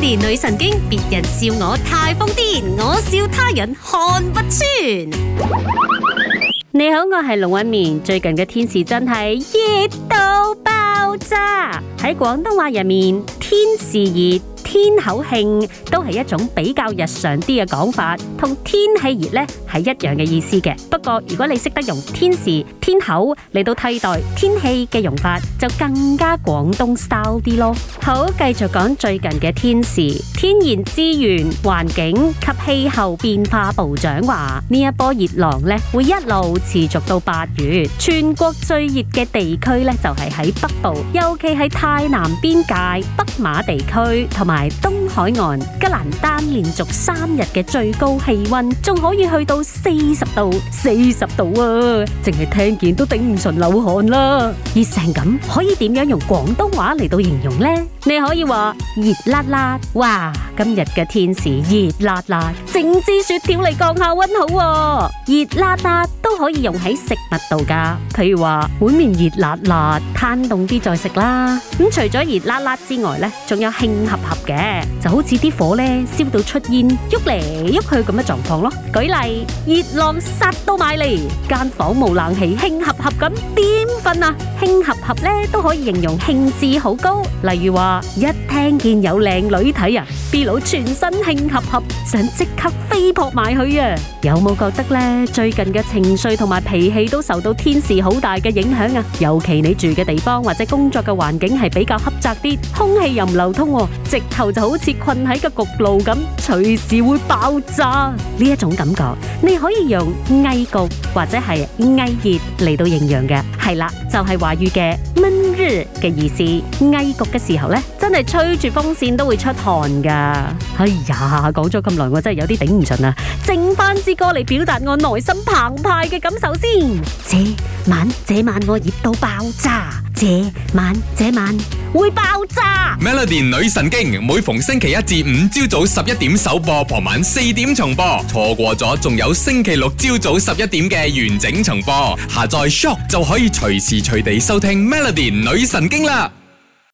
年女神經，別人笑我太瘋癲，我笑他人看不穿。你好，我係龍紋敏。最近嘅天時真係熱到爆炸。喺廣東話入面，天時熱、天口興都係一種比較日常啲嘅講法，同天氣熱呢，係一樣嘅意思嘅，不過如果你識得用天時天口嚟到替代天氣嘅用法，就更加廣東 style 啲咯。好，繼續講最近嘅天時，天然資源環境及氣候變化部長話，呢一波熱浪呢會一路持續到八月，全國最熱嘅地區呢就係喺北部，尤其係泰南邊界、北馬地區同埋東海岸、吉蘭丹，連續三日嘅最高氣温仲可以去到。四十度，四十度啊！淨係聽見都頂唔順流汗啦，熱成咁，可以點樣用廣東話嚟到形容呢？你可以話熱辣辣，哇！今日嘅天時熱辣辣，整支雪條嚟降下溫好，啊。熱辣辣都可以用喺食物度噶，譬如話碗麵熱辣辣，攤凍啲再食啦。咁、嗯、除咗熱辣辣之外呢，仲有㷫烚烚嘅，就好似啲火呢燒到出煙，喐嚟喐去咁嘅狀況咯。舉例。熱浪殺到埋嚟，間房冇冷氣，興合合咁點瞓啊？興合合呢都可以形容興致好高，例如話一聽見有靚女睇人。B 佬全身興合合，想即刻飛撲埋去啊！有冇覺得呢最近嘅情緒同埋脾氣都受到天時好大嘅影響啊？尤其你住嘅地方或者工作嘅環境係比較狹窄啲，空氣又唔流通、啊，直頭就好似困喺個焗爐咁，隨時會爆炸。呢一種感覺你可以用翳焗或者係翳熱嚟到形容嘅，係啦，就係、是、華語嘅悶熱嘅意思。翳焗嘅時候呢。真係吹住風扇都會出汗㗎，哎呀，講咗咁耐，我真係有啲頂唔順啦，整返支歌嚟表達我內心澎湃嘅感受先。這晚這晚我熱到爆炸，這晚這晚會爆炸。Melody 女神經每逢星期一至五朝早十一點首播，傍晚四點重播，錯過咗仲有星期六朝早十一點嘅完整重播。下載 SYOK 就可以隨時隨地收聽 Melody 女神經啦。